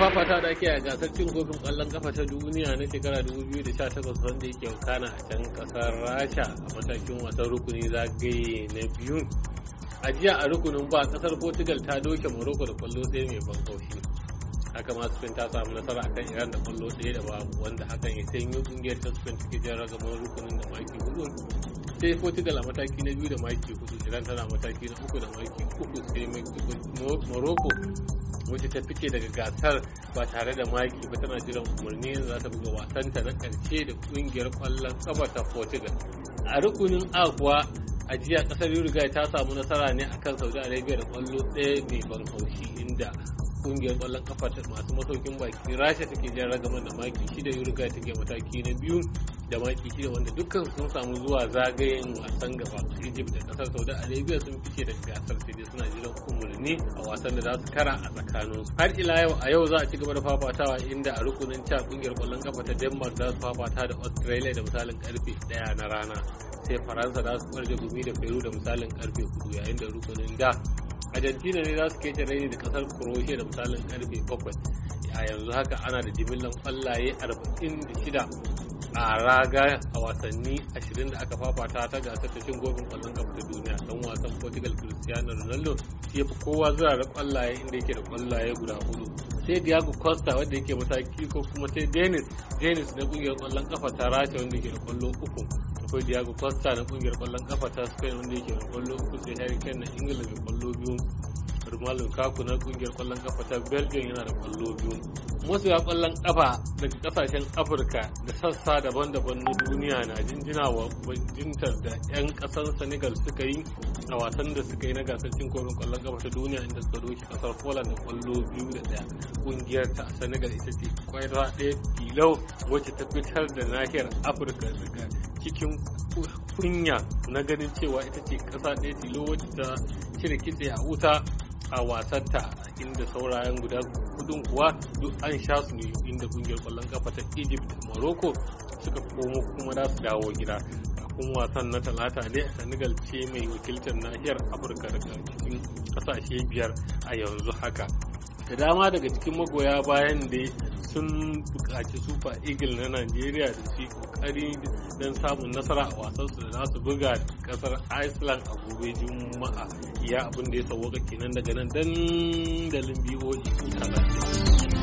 fafata da ake a gasar cin kofin kwallon kafa ta duniya na shekara 2018 wanda yake kana a can kasar rasha a matakin wasan rukuni zagaye na biyu a jiya a rukunin ba kasar portugal ta doke morocco da kwallo ɗaya mai ban kaushi haka ma spain ta samu nasara akan iran da kwallo ɗaya da babu wanda hakan ya sanyi kungiyar ta spain ta jan ragamar rukunin da maki hudu sai portugal a mataki na biyu da maki hudu iran tana mataki na uku da maki uku sai morocco wacce ta fice daga gasar ba tare da maki ba tana jiran umarni za ta buga ta na karshe da kungiyar kwallon kafa ta portugal a rukunin a kuwa a jiya kasar uruguay ta samu nasara ne akan saudi arabia da kwallo ɗaya mai ban haushi inda kungiyar kwallon kafa ta masu masaukin baki rasha take jan ragaman da maki shida uruguay take mataki na biyu da maki shida wanda dukkan sun samu zuwa zagayen wasan gaba egypt da kasar saudi arabia sun fice daga gasar sai dai suna jiran umarni a wasan da za su kara a tsakanin su har ila yau a yau za a ci gaba da fafatawa inda a rukunin ca kungiyar kwallon kafa ta denmark za su fafata da australia da misalin karfe daya na rana sai faransa za su kwarje gumi da peru da misalin karfe hudu yayin da rukunin da argentina ne za su kece rai da kasar croatia da misalin karfe bakwai a yanzu haka ana da jimillan kwallaye 46 a raga a wasanni 20 da aka fafata ta gasar ta cin gobin kwallon kafa ta duniya dan wasan Portugal Cristiano Ronaldo ya fi kowa zuwa da kwallaye inda yake da kwallaye guda hudu sai Diego Costa wanda yake mataki ko kuma sai Dennis Dennis na kungiyar kwallon kafa ta Rasha wanda yake da kwallo uku akwai Diego Costa na kungiyar kwallon kafa ta Spain wanda yake da kwallo uku sai Harry Kane na Ingila da kwallo biyu Roma Lukaku na kungiyar kwallon kafa ta Belgium yana da kwallo biyu. ya kwallon kafa daga kasashen Afirka da sassa daban-daban na duniya na jinjina wa bajintar da 'yan kasar Senegal suka yi a wasan da suka yi na gasar cin kofin kwallon kafa ta duniya inda suka doki kasar Poland da kwallo biyu da daya. Kungiyar ta Senegal ita ce kwaira ɗaya tilau wacce ta fitar da nahiyar Afirka daga cikin kunya na ganin cewa ita ce kasa ɗaya tilo wacce ta cire kitse a wuta a wasanta inda saurayen guda hudun kuwa duk an sha su ne inda kungiyar kwallon kafa ta egypt da morocco suka komo kuma za su dawo gida kuma wasan na talata ne senegal ce mai wakiltar nahiyar afirka daga cikin kasashe biyar a yanzu haka da dama daga cikin magoya bayan da sun buƙaci super eagle na nigeria da su kokari don samun nasara a wasansu da su buga kasar iceland a gobe juma'a ya abin da ya sauwaka kenan daga nan dandalin boe huta